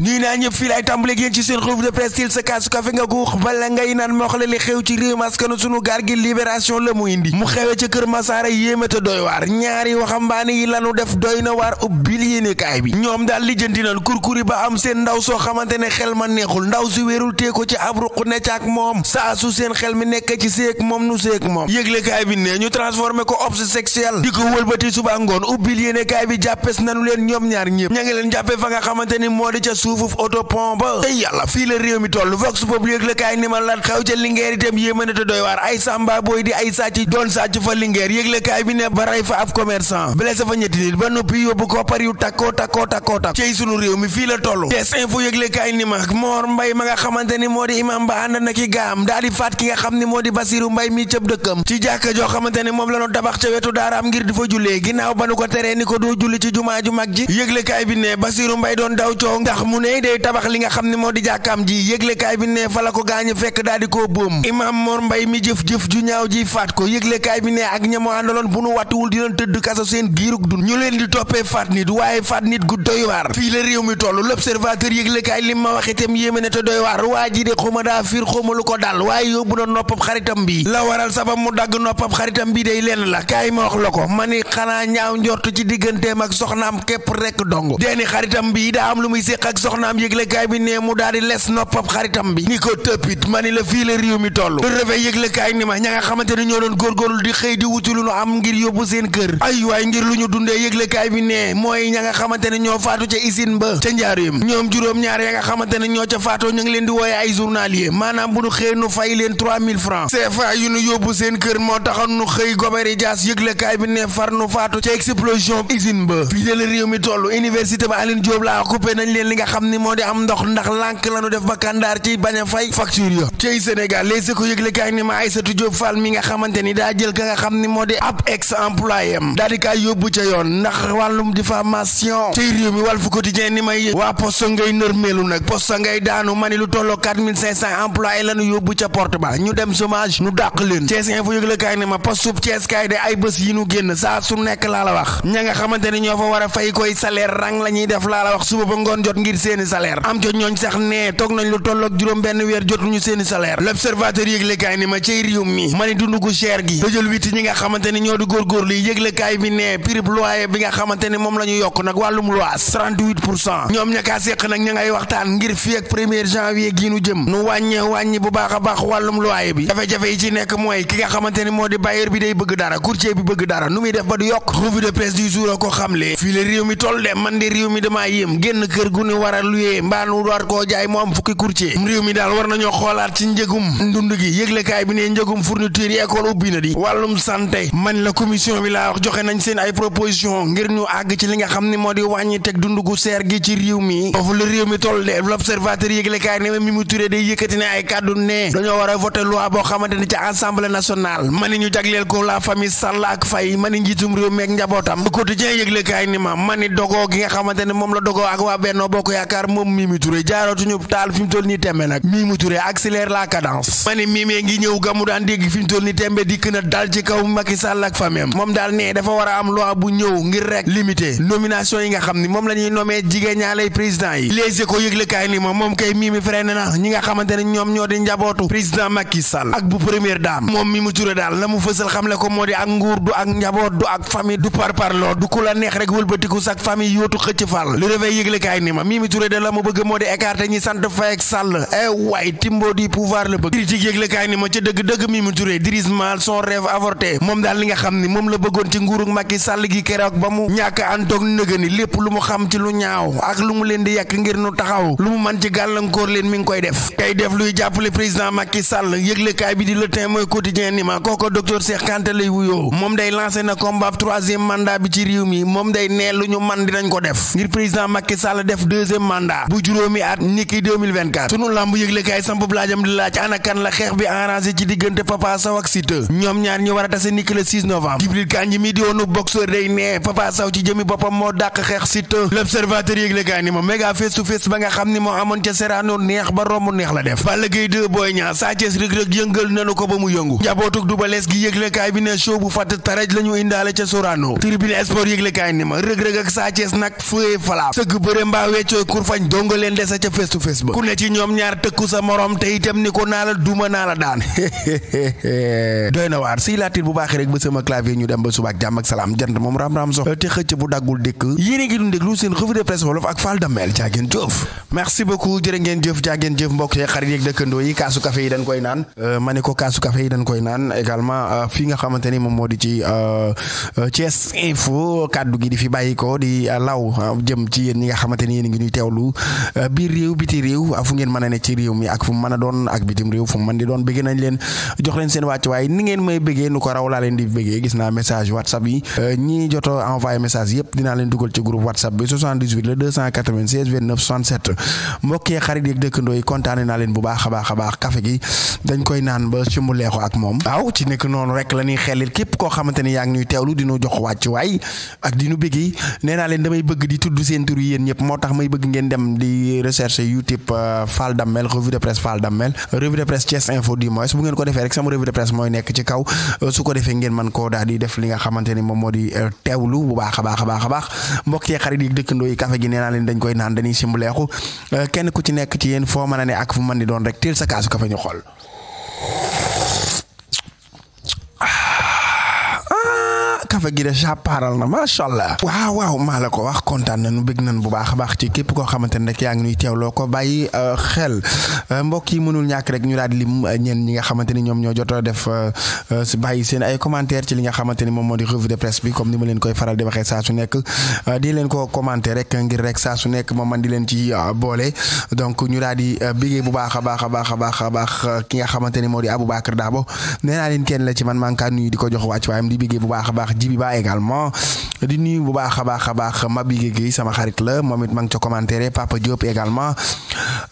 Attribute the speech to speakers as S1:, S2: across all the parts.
S1: nuy naa ñëpp fii laay tàmbale yéen ci seen revue de presse sa kaasu kafe nga guux bala ngay naan ma la li xew ci réew mi askanu sunu gaal gi libération la mu indi mu xewee ca kër Masaara yéeme te doy waar ñaari waxambaane yi lanu def doy na waar ubbil yéene kaay bi ñoom daal lijjanti nañ kurkuri ba am seen ndaw soo xamante ne xel ma neexul ndaw si wéerul tee ko ci ab ruq ne ca moom saa su seen xel mi nekk ci séeg moom nu séeg moom yëgle kaay bi ne ñu transformé ko obs sexuel di ko ña ngi leen jàppee fa nga suufuf autopont ba tey yàlla fii la réew mi toll vox populi yëg la kaay ni ma lat xew ca lingeer itam yéema na te doy waar ay samba booy di ay sàcc doon sàcc fa lingeer yëg bi ne ba rey fa ab commerçant blessé fa mbay na ki gaam daal di faat ki nga mi cëb dëkkam ci jàkka joo xamante moom la doon tabax ca wetu daaraam ngir di fa jullee ginnaaw ba nu ko teree ni ko doo julli ci jumaa ju mag ji yëgle bi ne basiru mbay doon daw coow ndax bu ne day tabax li nga xam ne moo di jàkkaam ji yëglekaay bi ne fa la ko gaañu fekk daal di koo boom imaam Mor Mbay mi jëf-jëf ju ñaaw ji faat ko yëglekaay bi ne ak ñamu àndaloon bu nu wàttuwul dinañ tëdd kaso seen giirug dun ñu leen di toppee faat nit waaye faat nit gu doy waar fii la réew mi toll l'observateur yëglekaay li ma wax itam yéeme ne te doy waar waa ji de xuma daa fiir xuma lu ko dal waaye yóbbu na noppam xaritam bi la waral sabab mu la kaay ma la ko ma ni xanaa ñaaw njort ci digganteem ak soxnaam képp rekk dong deeni soxnaam yëglekaay bi ne mu daal di les noppam xaritam bi ni ko tëppit ma ni la fii la réew mi toll le ma ña nga doon góorgóorlu di xëy di lu nu am ngir yóbbu seen kër ay waay ngir lu ñu ne ñoo faatu ca usine ba ca njaareem ñoom ñaar ya nga xamante ne ñoo ca faatoo ñu ngi leen di wooye ay journalier maanaam bu nu xëy nu fay leen 3000 francs moo taxoon xëy goberi jaas yëglekaay bi ne far nu faatu ca mi toll université ba laa coupé nañ leen li nga xam ni moo di am ndox ndax lànk lañu def ba kandaar ci bañ a fay facture ko yëglekaay ni xamante ni daa jël ka nga xam ni moo di ab ex employé am yoon ndax wàllum diffamation cey réew mi ni may waa poste ngay nërmeelu nag poste ngay daanu mani lu tolloo 4500 employés lañu yóbbu ca dem chômage ñu dàq leen Thiès info yëglekaay ma poste sub Thiès kaay de ay bés yi ñu génn saa su nekk laa la wax ña nga xamante ni ñoo fa war a fay koy salaire rang la ñuy def laa la wax suba ba ngoon jot ngir seeni salaire am ca ñooñ sax nee toog nañ lu tolloog juróom benn weer jotuñu seeni salaire l'observateur yëglekaay ni ma ciy réew mi ma ni dund gu cher gi dëjël witti ñi nga xamante ñoo di góorgóorlu yi yëglekaay bi nee prix loyer bi nga xamante moom la ñu yokk nag wàllum loas 38 pour cent ñoom ñakaa seq nag ña ngay waxtaan ngir fii ak premier janvier gii nu jëm nu wàññe wàññi bu baax a baax wàllum loyer bi jafe-jafe yi ci nekk mooy ki nga xamante moo di bailleur bi day bëgg dara courtier bi bëgg dara nu muy def ba du yokk revue de presse du jour ko xamle fii la réew mi toll de man war a luyee mbaa nu war koo jaay mu am fukki courtier réew mi daal war nañoo xoolaat ci njëgum ndund gi yëglekaay bi ne njëgum fourniture di wàllum a voter loi ak Faye mani njiitum réew meeg njabootam quotidien yëglekaay ni ma mani dogoo gi nga xamante ne moom la dogoo ak waa Benno Bokk yaakaar moom Mimi Touré jaarootuñu taal fi toll nii tembe nag Mimi Touré accélère la cadence ma ne Mimi ngi ñëw gamu daan dégg fi mu toll nii tembe dikk na dal ci kaw Macky Sall ak moom daal nee dafa war am loi bu ñëw ngir rek limité nomination yi nga xam ni moom la ñuy nommé jigéen ñaa lay président yi Les Échos yëglekaay ni ma moom kay Mimi freiné na ñi nga xamante ne ñoom ñoo di njabootu président Macky ak bu première la mu fësal xamle ko moo Mimi Touré de la mu bëgg moo di écarté ñi sant Faye ak Sall eh waay di pouvoir la bëgg critique yëgle kaay ma ca dëgg-dëgg Mimi Touré xam ci lu mu lu ñaaw di yàq ngir nu taxaw lu mu man ci gàllankoor leen mi ngi koy def tey def luy jàppale président Macky Sall di Le ma kooko mandat bi ci réew mi moom day nee lu ñu man dinañ ko def ngir président Macky Sall def deuxième troisième bu juróomi at niki sunu lamb yëgle samp laajam di laaj ana la xeex bi arrangé ci diggante Papa Sow ak Siteu ñoom ñaar ñu war tase niki le novembre Jibril Kanji mi di woonu boxeur day nee Papa Sow ci jëmi boppam moo dàq xeex Siteu l'observateur yëgle ni ma méga face to face ba nga xam ni moo amoon ca Serano neex ba romb neex la def Balla Gaye 2 Boy Niang Sa Thiès Reug yëngal nanu ko ba mu yëngu njabootug du gi yëgle bi kurfañ donga leen desa ca face to face ba ku ne ci ñoom ñaar tëkku sa morom te itam ni ko naa la duma naa la daan doy na waar si laatit bu baax rek ba sama clavier ñu dem ba suba ak jàmm ak salaam jant moom ram-ram sox te xëcc bu daggul dikk yéen a ngi doon déglu seen revue de presse wolof ak Fall Damel jaa ngeen jëf merci beaucoup jërë ngeen jëf jaa ngeen jëf mbokk yi xarit yeeg dëkkandoo yi kaasu café yi dañ koy naan euh, ma ne ko kaasu café yi dañ koy naan également euh, fii nga xamante ni moom moo di ci euh, Thiès Info gi di fi bàyyi ko di law jëm ci yéen ñi nga xamante ni yéen ngi teewlu euh, biir réew biti réew fu ngeen mën a ne ci réew mi ak fu mu a doon ak bitim réew fu mu mën di doon bëggee nañ leen jox leen seen wàcc waaye ni euh, joto envoyé message yëpp dinaa leen dugal ci groupe whatsapp bi mbokkee xarit yeeg dëkkandoo yi kontaane naa leen bu baax a baax a baax café gi dañ koy naan ba sumbu leexu ak moom waaw ci nekk noonu rek la ñuy xelil képp koo xamante yaa ngi ñuy teewlu dinu jox wàcc waay ak dinu bëggee nee leen damay bëgg ngeen dem di recherche youtube euh, Fall Damel revue de presse Fall Damel revue de presse Thiès Info du mois bu ngeen ko defee rek sama revue de presse mooy nekk ci kaw euh, su ko defee ngeen mën koo daal di def li nga xamante ni moom moo di euh, teewlu bu baax a baax a baax a baax mbokk yi xarit yi dëkkandoo yi café gi nee naa leen dañ koy naan dañuy simbuleexu kenn ku ci nekk ci yéen foo mën a ne ak fu mën di doon rek teel sa kaasu café ñu xool kafe gi de sàppaaral na macha allah waaw waaw maa la ko wax kontaan nañu bëgg nañ bu baax a baax ci képp koo xamante ne rek yaa ngi ñuy teewloo ko bàyyi euh, xel euh, mbokk yi mënul ñàkk rek ñu daal di lim euh, ñeen ñi nga xamante ni ñoom ñoo jotoo def bàyyi seen ay commentaire ci li nga xamante ni moom moo di revue de presse bi comme ni ma leen koy faral di waxee saa su nekk di leen ko commenter rek ngir rek saa su nekk moom man di leen ci boole donc ñu daal di bigee bu baax a baax a baax a baax a baax ki nga xamante ni moo di abu Dabo nee naa leen kenn di ko baax a baax Djibiba également di nuyu bu baax a baax a baax Mabi Guèye sama xarit la moom it maa ngi ca commentaire Papa Diop également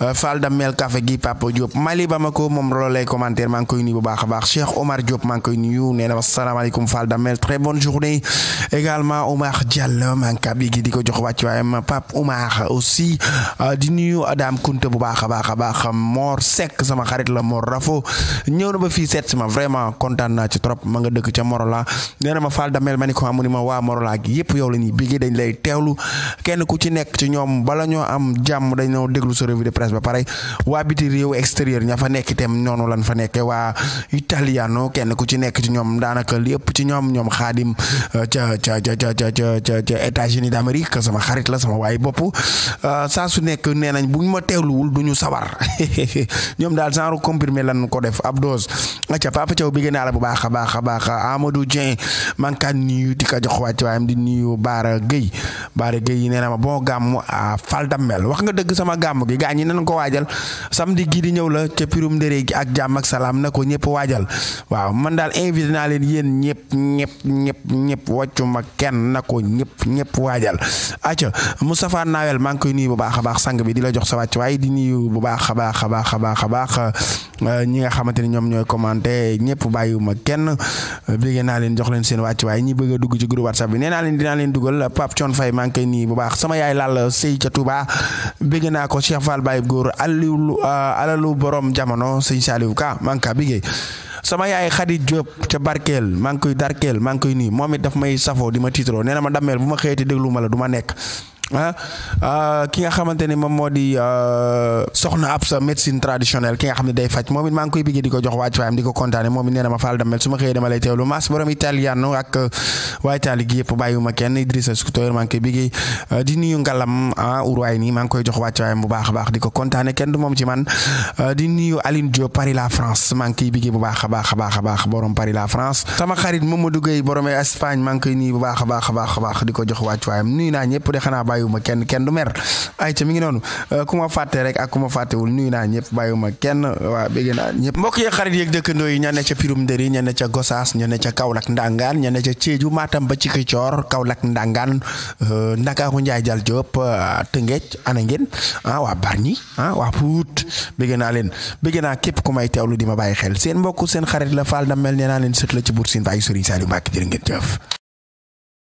S1: euh, Fall Damel Café gi Papa Diop Mali Bamako moom loolu lay commentaire maa ngi koy nuyu bu baax a baax Cheikh Omar Diop maa ngi koy nuyu nee na asalaamaaleykum Fall Damel très bonne journée également Omar Diallo maa ngi kabi gi di ko jox wàcc waayam Pape Omar aussi euh, di nuyu a Adam Kunte bu baax a baax a baax Mor Seck sama xarit la Mor Rafo ñëw na ba fii set si ma vraiment kontaan naa ci trop ma nga dëkk ca ma Fall Damel ma ni vague yëpp yow la ñuy bégee dañ lay teewlu kenn ku ci nekk ci ñoom bala ñoo am jàmm dañoo déglu sa revue de presse ba pare waa biti réew extérieur ña fa nekk itam noonu lan fa nekkee waa italiano kenn ku ci nekk ci ñoom daanaka lépp ci ñoom ñoom xaadim euh, ca ca ca ca ca ca ca États-Unis d'Amérique sama xarit la sama waaye bopp euh, saa su nekk nee nañ daal genre comprimé lan ko def ab dose ca Papa Thiaw naa la bu baax a baax a baax Amadou Dieng man kaa nuyu di ka jox wàcc waaye di nuyu Baara Guèye Baara Guèye nee na ma bon gàmm fal Faldammel wax nga dëgg sama gàmm gi gaa ñi nañ ko waajal sam di gii di ñëw la ca pirum ndéré gi ak jàmm ak salaam na ko ñëpp waajal waaw man daal invité naa leen yéen ñëpp ñëpp ñëpp ñëpp wàccuma kenn na ñëpp ñëpp waajal acca Moustapha Nawel maa ngi koy nuyu bu baax a baax sang bi di la jox sa wàcc waaye di nuyu bu baax a baax a baax a baax a baax euh, ñi nga xamante ni ñoom ñooy commenté ñëpp bàyyiwuma kenn bëgg naa leen jox leen seen wàcc waaye ñi bëgg a dugg ci groupe WhatsApp bi nee naa leen dinaa leen dugal Pape Thion Faye maa ngi koy nii bu baax sama yaay laal sëy ca tubaa bégg naa ko Cheikh Fall Baye Góor alilu euh, alalu borom jamono sëñ Saliou Ka maa ngi kaa biggéey sama yaay Khady Diop ca Barkeel maa ngi koy Darkeel maa koy nii moom it daf may safoo di ma tiitaroo nee ma dammeel bu ma xëyati déglu ma la du ma nekk Ah, ah ki nga xamante ni moom moo di ah, soxna ab sa médecine traditionnelle ki nga xam ne day faj moom it maa ngi koy bëggee di ko jox waa Tivaouane di ko kontaane ah, kenn Idrissa Scouteur maa ngi koy bëggee di nuyu ngalam ah Uruwaay nii maa ngi koy jox waa bu baax a baax di ko kontaane kenn du moom ci man di nuyu Aline Diop Paris la France maa koy bëggee bu baax a baax a baax a baax borom Paris la France sama xarit Mamadou Gueye borom Espagne maa ngi koy nuyu bu baax a baax a baax di ko jox waa Tivaouane nuyu naa ñëpp de xanaa bàyyiwuma kenn kenn du mer ay ca mi ngi noonu euh, ku ma fàtte rek ak ku ma fàttewul nuyu naa ñëpp bàyyiwuma kenn waa bégg naa ñëpp mbokk yi xarit yeeg dëkkandoo yi ña ne ca pirum ndëri ña ne ca gosaas ña ne ca kaolack ndangaan ña ne ca ceeju maatam ba ci Kicoor kaolack ndangaan euh, ndakaaru njaay jal Diop euh, tëngeej ana ngeen ah waa barñi ah waa puut bégg naa leen bégg naa képp ku di ma bàyyi xel seen mbokk seen xarit la faal da mel nee naa leen sët la ci buur siin bàyyi sëriñ Saliou Mbacke jërë ngeen jëf